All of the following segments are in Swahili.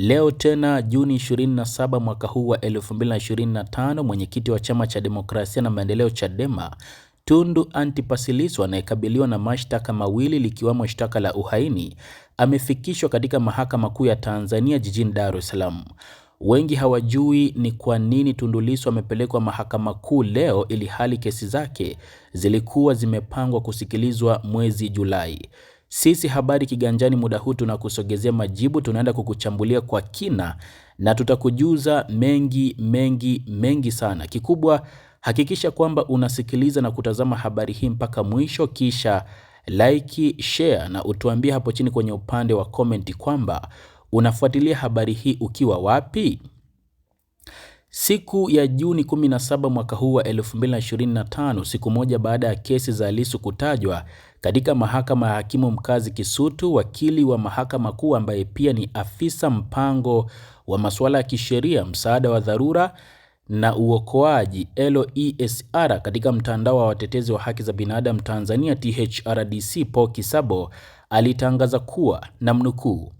Leo tena Juni 27 mwaka huu wa 2025, mwenyekiti wa chama cha demokrasia na maendeleo Chadema Tundu Antipas Lissu anayekabiliwa na mashtaka mawili likiwemo shtaka la uhaini amefikishwa katika mahakama kuu ya Tanzania jijini Dar es Salaam. Wengi hawajui ni kwa nini Tundu Lissu amepelekwa mahakama kuu leo ili hali kesi zake zilikuwa zimepangwa kusikilizwa mwezi Julai. Sisi Habari Kiganjani muda huu tunakusogezea majibu, tunaenda kukuchambulia kwa kina na tutakujuza mengi mengi mengi sana. Kikubwa hakikisha kwamba unasikiliza na kutazama habari hii mpaka mwisho, kisha like, share na utuambie hapo chini kwenye upande wa komenti kwamba unafuatilia habari hii ukiwa wapi. Siku ya Juni 17 mwaka huu wa 2025, siku moja baada ya kesi za Lissu kutajwa katika mahakama ya hakimu mkazi Kisutu, wakili wa mahakama kuu ambaye pia ni afisa mpango wa masuala ya kisheria, msaada wa dharura na uokoaji LOESR katika mtandao wa watetezi wa haki za binadamu Tanzania THRDC, Paul Kisabo alitangaza kuwa na mnukuu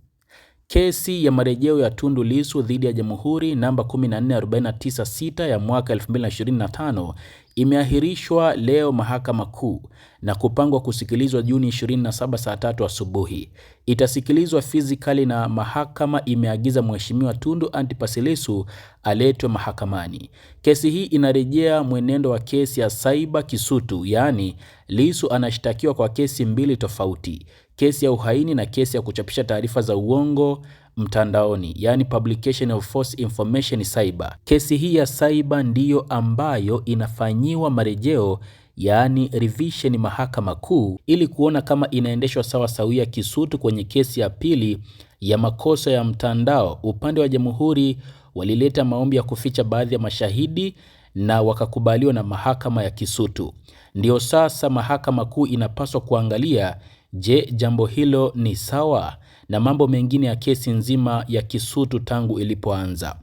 Kesi ya marejeo ya Tundu Lissu dhidi ya Jamhuri namba 14496 ya mwaka 2025 imeahirishwa leo Mahakama Kuu na kupangwa kusikilizwa Juni 27 saa tatu asubuhi. Itasikilizwa fizikali na mahakama imeagiza Mheshimiwa Tundu Antipas Lissu aletwe mahakamani. Kesi hii inarejea mwenendo wa kesi ya Saiba Kisutu, yaani Lissu anashtakiwa kwa kesi mbili tofauti, kesi ya uhaini na kesi ya kuchapisha taarifa za uongo mtandaoni, yani publication of false information cyber. Kesi hii ya cyber ndiyo ambayo inafanyiwa marejeo yaani revision Mahakama Kuu ili kuona kama inaendeshwa sawa sawia kisutu kwenye kesi ya pili ya makosa ya mtandao. Upande wa jamhuri walileta maombi ya kuficha baadhi ya mashahidi na wakakubaliwa na mahakama ya Kisutu. Ndiyo sasa Mahakama Kuu inapaswa kuangalia, je, jambo hilo ni sawa? na mambo mengine ya kesi nzima ya Kisutu tangu ilipoanza.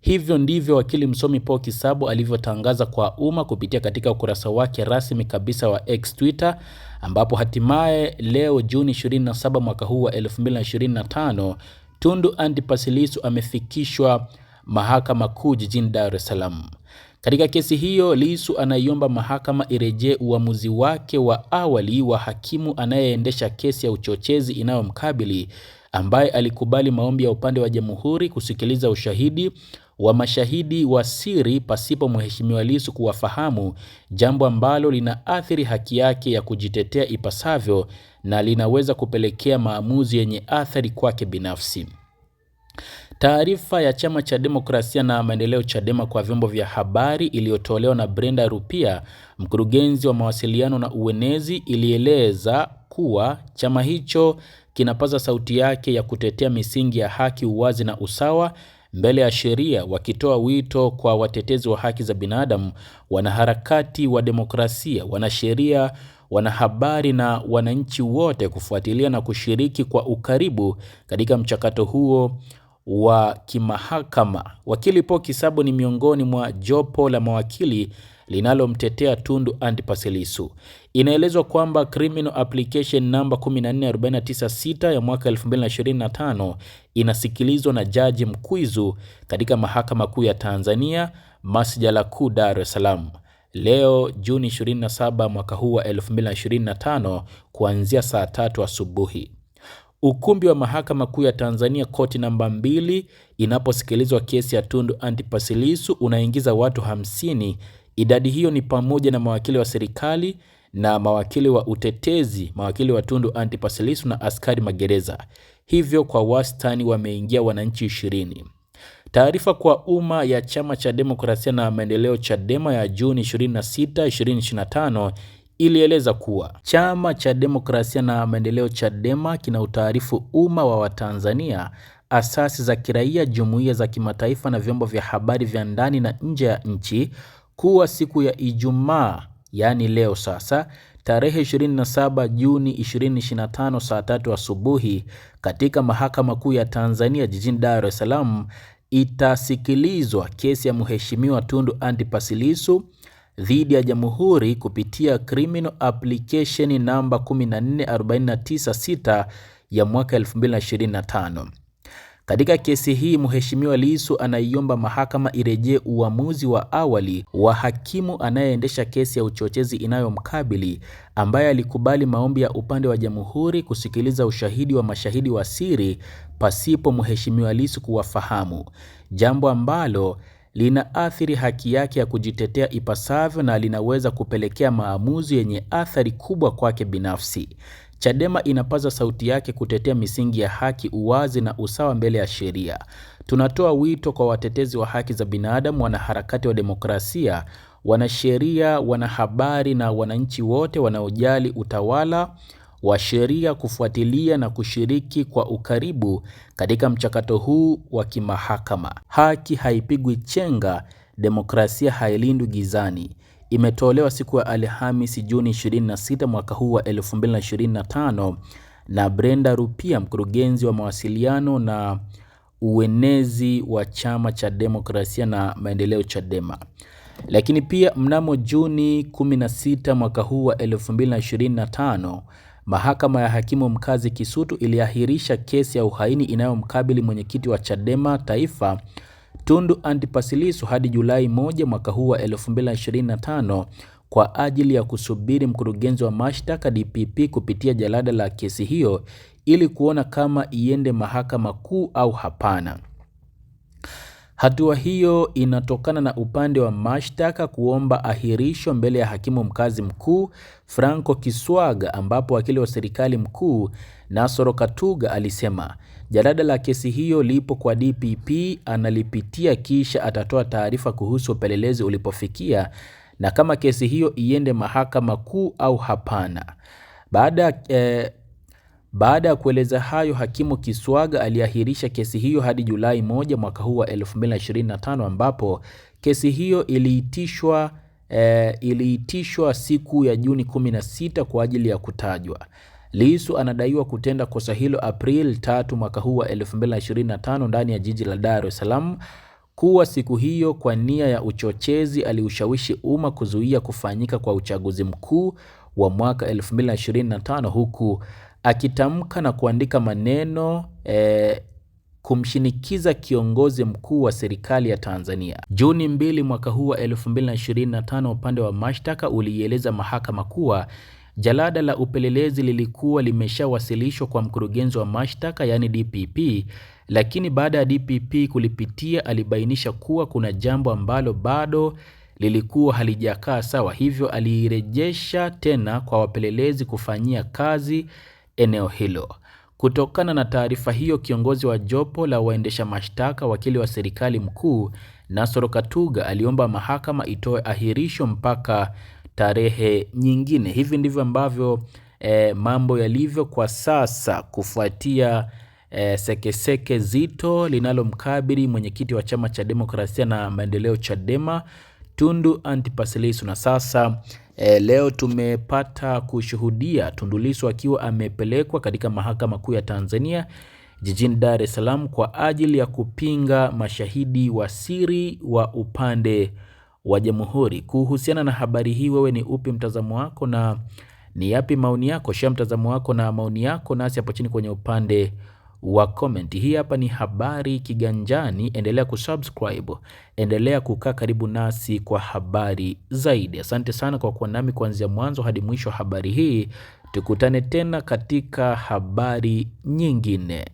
Hivyo ndivyo wakili msomi Paul Kisabo alivyotangaza kwa umma kupitia katika ukurasa wake rasmi kabisa wa X Twitter, ambapo hatimaye leo Juni 27 mwaka huu wa 2025 Tundu Antipas Lissu amefikishwa Mahakama Kuu jijini Dar es Salaam. Katika kesi hiyo, Lissu anaiomba mahakama irejee uamuzi wake wa awali wa hakimu anayeendesha kesi ya uchochezi inayomkabili ambaye alikubali maombi ya upande wa jamhuri kusikiliza ushahidi wa mashahidi wa siri pasipo mheshimiwa Lissu kuwafahamu, jambo ambalo linaathiri haki yake ya kujitetea ipasavyo na linaweza kupelekea maamuzi yenye athari kwake binafsi. Taarifa ya chama cha demokrasia na maendeleo Chadema kwa vyombo vya habari iliyotolewa na Brenda Rupia, mkurugenzi wa mawasiliano na uenezi, ilieleza kuwa chama hicho kinapaza sauti yake ya kutetea misingi ya haki, uwazi na usawa mbele ya sheria, wakitoa wito kwa watetezi wa haki za binadamu, wanaharakati wa demokrasia, wanasheria, wanahabari na wananchi wote kufuatilia na kushiriki kwa ukaribu katika mchakato huo wa kimahakama. Wakili Paul Kisabu ni miongoni mwa jopo la mawakili linalomtetea Tundu Antipas Lissu. Inaelezwa kwamba criminal application namba 14496 ya mwaka 2025 inasikilizwa na Jaji Mkwizu katika Mahakama Kuu ya Tanzania, Masjala Kuu Dar es Salaam leo Juni 27 mwaka huu wa 2025 kuanzia saa tatu asubuhi. Ukumbi wa Mahakama Kuu ya Tanzania, koti namba mbili, inaposikilizwa kesi ya Tundu Antipas Lissu unaingiza watu hamsini. Idadi hiyo ni pamoja na mawakili wa serikali na mawakili wa utetezi, mawakili wa Tundu Antipas Lissu na askari magereza. Hivyo kwa wastani wameingia wananchi ishirini. Taarifa kwa umma ya Chama cha Demokrasia na Maendeleo, Chadema, ya Juni 26, 2025 ilieleza kuwa chama cha demokrasia na maendeleo Chadema kina utaarifu umma wa Watanzania, asasi za kiraia, jumuiya za kimataifa na vyombo vya habari vya ndani na nje ya nchi kuwa siku ya Ijumaa, yaani leo sasa tarehe 27 Juni 2025 saa tatu asubuhi katika Mahakama Kuu ya Tanzania jijini Dar es Salaam itasikilizwa kesi ya Mheshimiwa Tundu Antipas Lissu dhidi ya Jamhuri kupitia Criminal Application namba 14496 ya mwaka 2025. Katika kesi hii Mheshimiwa Lissu anaiomba mahakama irejee uamuzi wa awali wa hakimu anayeendesha kesi ya uchochezi inayomkabili ambaye alikubali maombi ya upande wa Jamhuri kusikiliza ushahidi wa mashahidi wa siri pasipo Mheshimiwa Lissu kuwafahamu, jambo ambalo linaathiri haki yake ya kujitetea ipasavyo na linaweza kupelekea maamuzi yenye athari kubwa kwake binafsi. Chadema inapaza sauti yake kutetea misingi ya haki, uwazi na usawa mbele ya sheria. Tunatoa wito kwa watetezi wa haki za binadamu, wanaharakati wa demokrasia, wanasheria, wanahabari na wananchi wote wanaojali utawala wa sheria kufuatilia na kushiriki kwa ukaribu katika mchakato huu wa kimahakama. Haki haipigwi chenga, demokrasia hailindwi gizani. Imetolewa siku ya Alhamisi Juni 26 mwaka huu wa 2025 na Brenda Rupia, mkurugenzi wa mawasiliano na uenezi wa chama cha demokrasia na maendeleo Chadema. Lakini pia mnamo Juni 16 mwaka huu wa 2025 Mahakama ya Hakimu Mkazi Kisutu iliahirisha kesi ya uhaini inayomkabili mwenyekiti wa Chadema Taifa Tundu Antipas Lissu hadi Julai 1 mwaka huu wa 2025 kwa ajili ya kusubiri mkurugenzi wa mashtaka DPP kupitia jalada la kesi hiyo ili kuona kama iende mahakama kuu au hapana. Hatua hiyo inatokana na upande wa mashtaka kuomba ahirisho mbele ya hakimu mkazi mkuu Franco Kiswaga, ambapo wakili wa serikali mkuu Nasoro Katuga alisema jalada la kesi hiyo lipo kwa DPP, analipitia kisha atatoa taarifa kuhusu upelelezi ulipofikia na kama kesi hiyo iende mahakama kuu au hapana. Baada, eh, baada ya kueleza hayo, hakimu Kiswaga aliahirisha kesi hiyo hadi Julai moja mwaka huu wa 2025 ambapo kesi hiyo iliitishwa e, iliitishwa siku ya Juni 16 kwa ajili ya kutajwa. Lissu anadaiwa kutenda kosa hilo April 3 mwaka huu wa 2025 ndani ya jiji la Dar es Salaam kuwa siku hiyo kwa nia ya uchochezi aliushawishi umma kuzuia kufanyika kwa uchaguzi mkuu wa mwaka 2025 huku akitamka na kuandika maneno e, kumshinikiza kiongozi mkuu wa serikali ya Tanzania. Juni mbili mwaka huu wa 2025, upande wa mashtaka uliieleza mahakama kuwa jalada la upelelezi lilikuwa limeshawasilishwa kwa mkurugenzi wa mashtaka yani DPP, lakini baada ya DPP kulipitia alibainisha kuwa kuna jambo ambalo bado lilikuwa halijakaa sawa, hivyo aliirejesha tena kwa wapelelezi kufanyia kazi eneo hilo. Kutokana na taarifa hiyo, kiongozi wa jopo la waendesha mashtaka, wakili wa serikali mkuu Nasoro Katuga, aliomba mahakama itoe ahirisho mpaka tarehe nyingine. Hivi ndivyo ambavyo eh, mambo yalivyo kwa sasa kufuatia eh, sekeseke eh, seke zito linalomkabili mwenyekiti wa chama cha demokrasia na maendeleo Chadema Tundu Antipas Lissu. Na sasa e, leo tumepata kushuhudia Tundu Lissu akiwa amepelekwa katika mahakama kuu ya Tanzania jijini Dar es Salaam kwa ajili ya kupinga mashahidi wa siri wa upande wa jamhuri. Kuhusiana na habari hii, wewe ni upi mtazamo wako na ni yapi maoni yako? Shia mtazamo wako na maoni yako nasi hapo chini kwenye upande wa comment. Hii hapa ni Habari Kiganjani, endelea kusubscribe, endelea kukaa karibu nasi kwa habari zaidi. Asante sana kwa kuwa nami kuanzia mwanzo hadi mwisho habari hii. Tukutane tena katika habari nyingine.